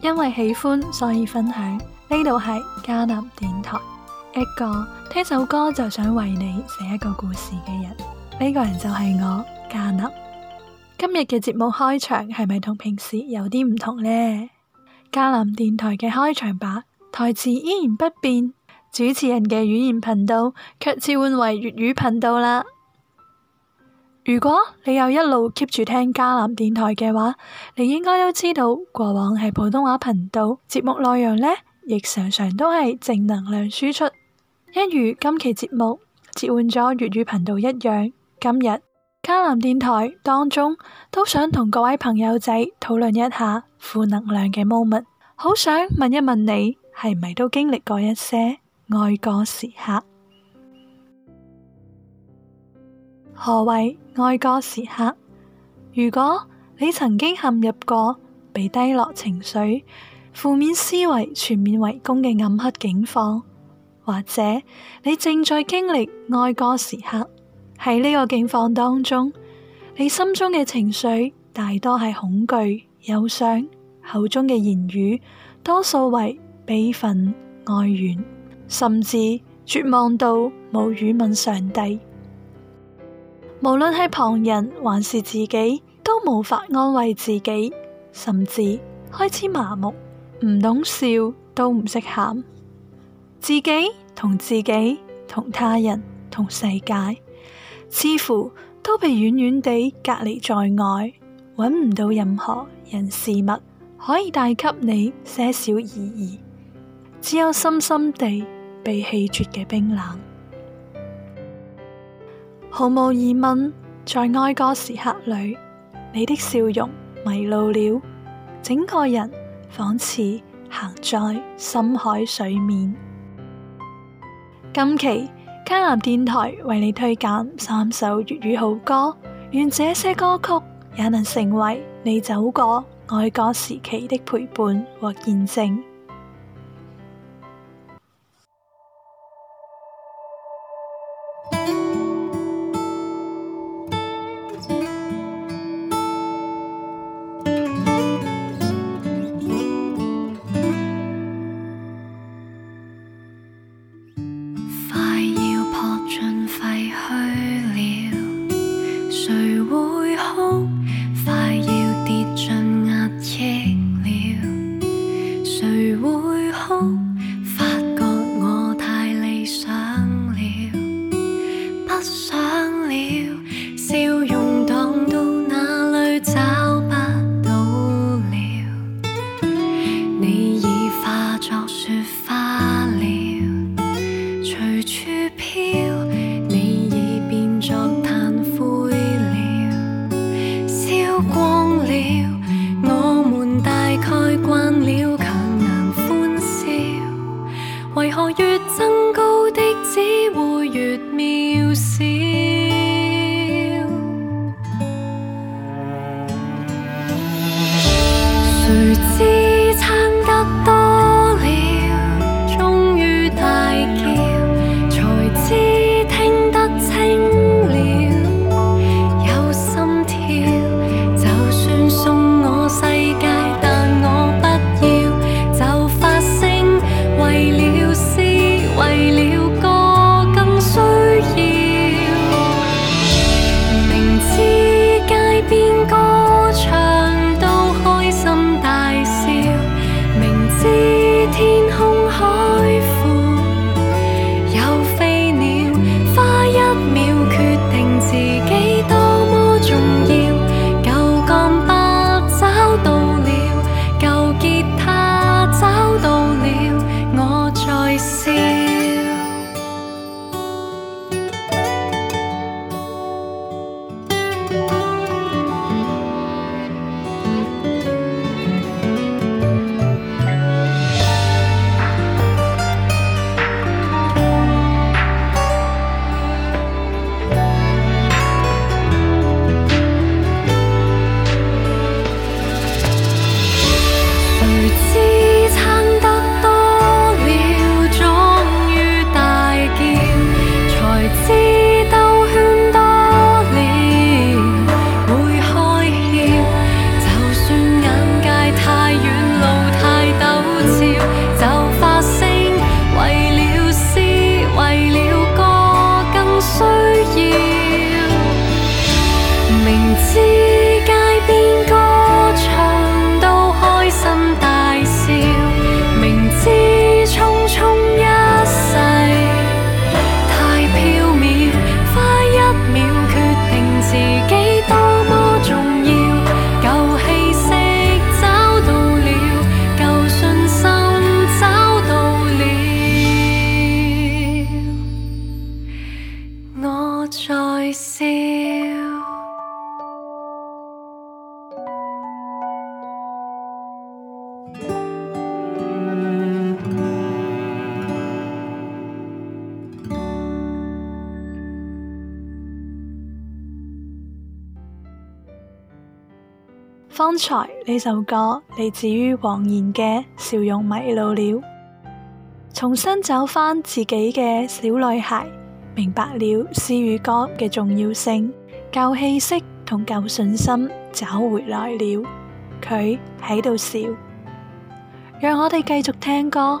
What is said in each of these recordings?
因為喜歡所以分享，呢度係迦南電台，一個聽首歌就想為你寫一個故事嘅人，呢個人就係我迦南。今日嘅節目開場係咪同平時有啲唔同呢？迦南電台嘅開場白，台詞依然不變，主持人嘅語言頻道卻切換為粵語頻道啦。如果你又一路 keep 住聽迦南電台嘅話，你應該都知道過往係普通話頻道，節目內容咧亦常常都係正能量輸出，一如今期節目切換咗粵語頻道一樣。今日迦南電台當中，都想同各位朋友仔討論一下負能量嘅 moment，好想問一問你係咪都經歷過一些哀歌時刻？何為哀歌時刻？如果你曾經陷入過被低落情緒、負面思維全面圍攻嘅暗黑境況，或者你正在經歷哀歌時刻，喺呢個境況當中，你心中嘅情緒大多係恐懼、憂傷，口中嘅言語多數為悲憤、哀怨，甚至絕望到冇語問上帝。無論係旁人還是自己，都無法安慰自己，甚至開始麻木，唔懂笑都唔識喊，自己同自己同他人同世界，似乎都被遠遠地隔離在外，揾唔到任何人事物可以帶給你些少意義，只有深深地被棄絕嘅冰冷。毫無疑問，在哀歌時刻裏，你的笑容迷路了，整個人仿似行在深海水面。今期，迦南電台為你推薦三首粵語好歌，願這些歌曲也能成為你走過哀歌時期的陪伴和見證。方才呢首歌嚟自於黃妍嘅《笑容迷路了》，重新找返自己嘅小女孩。明白了詩與歌嘅重要性，夠氣息同夠信心找回來了。佢喺度笑，讓我哋繼續聽歌。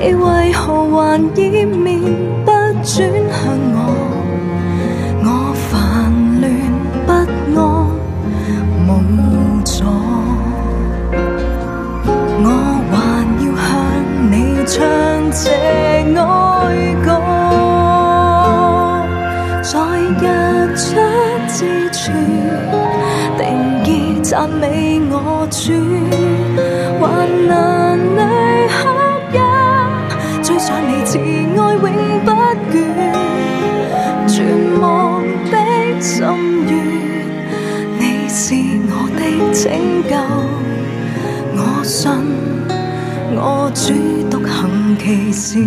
你為何還意念不轉？ 信我主獨行其事。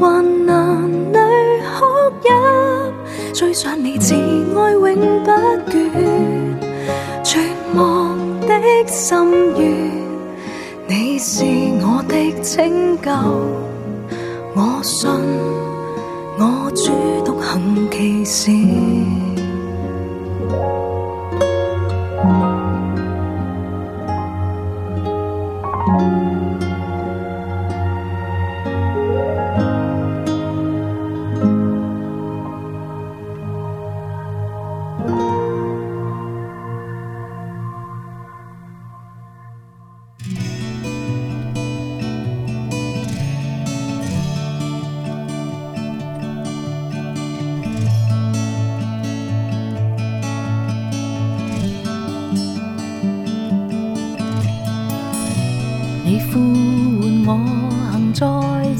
患難裡哭泣，最想你慈愛永不絕。絕望的心願，你是我的拯救。我信我主獨行奇事。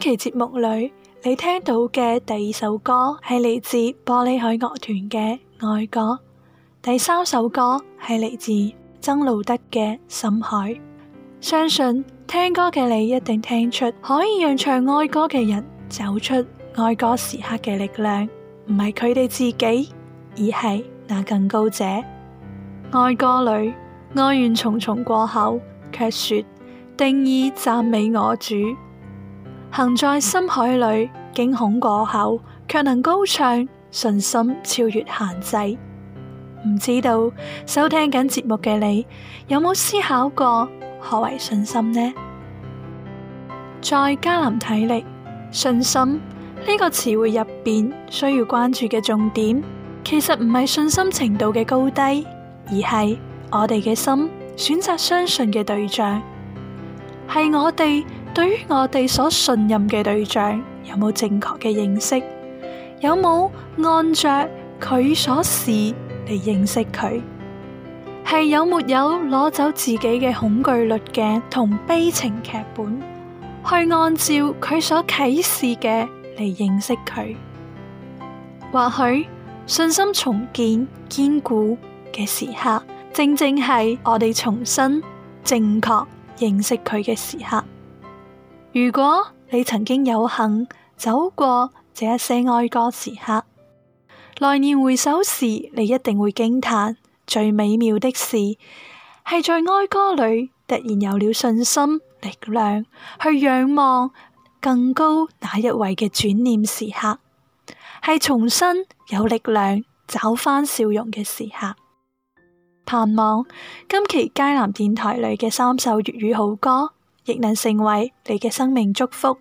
今期節目裏，你聽到嘅第二首歌係嚟自玻璃海樂團嘅《哀歌》，第三首歌係嚟自曾路得嘅《深海》。相信聽歌嘅你一定聽出，可以讓唱哀歌嘅人走出哀歌時刻嘅力量，唔係佢哋自己，而係那更高者。哀歌裏，哀怨重重過後，卻說定義讚美我主。行在深海裏，驚恐過後，却能高唱信心超越限制。唔知道收聽緊節目嘅你，有冇思考過何為信心呢？在嘉林睇嚟，信心呢個詞彙入邊需要關注嘅重點，其實唔係信心程度嘅高低，而係我哋嘅心選擇相信嘅對象，係我哋。對於我哋所信任嘅對象，有冇正確嘅認識？有冇按着佢所示嚟認識佢？係有沒有攞走自己嘅恐懼率嘅同悲情劇本，去按照佢所啟示嘅嚟認識佢？或許信心重建堅固嘅時刻，正正係我哋重新正確認識佢嘅時刻。如果你曾經有幸走過這一些哀歌時刻，來年回首時，你一定會驚嘆最美妙的事係在哀歌裏突然有了信心力量去仰望更高那一位嘅轉念時刻，係重新有力量找返笑容嘅時刻。盼望今期佳南電台裏嘅三首粵語好歌，亦能成為你嘅生命祝福，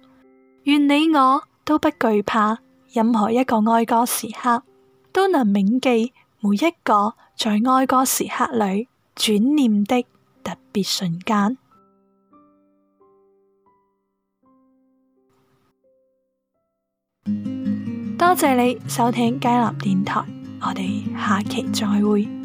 願你我都不懼怕任何一個哀歌時刻，都能銘記每一個在哀歌時刻裏轉念的特別瞬間。多謝你收聽佳立電台，我哋下期再會。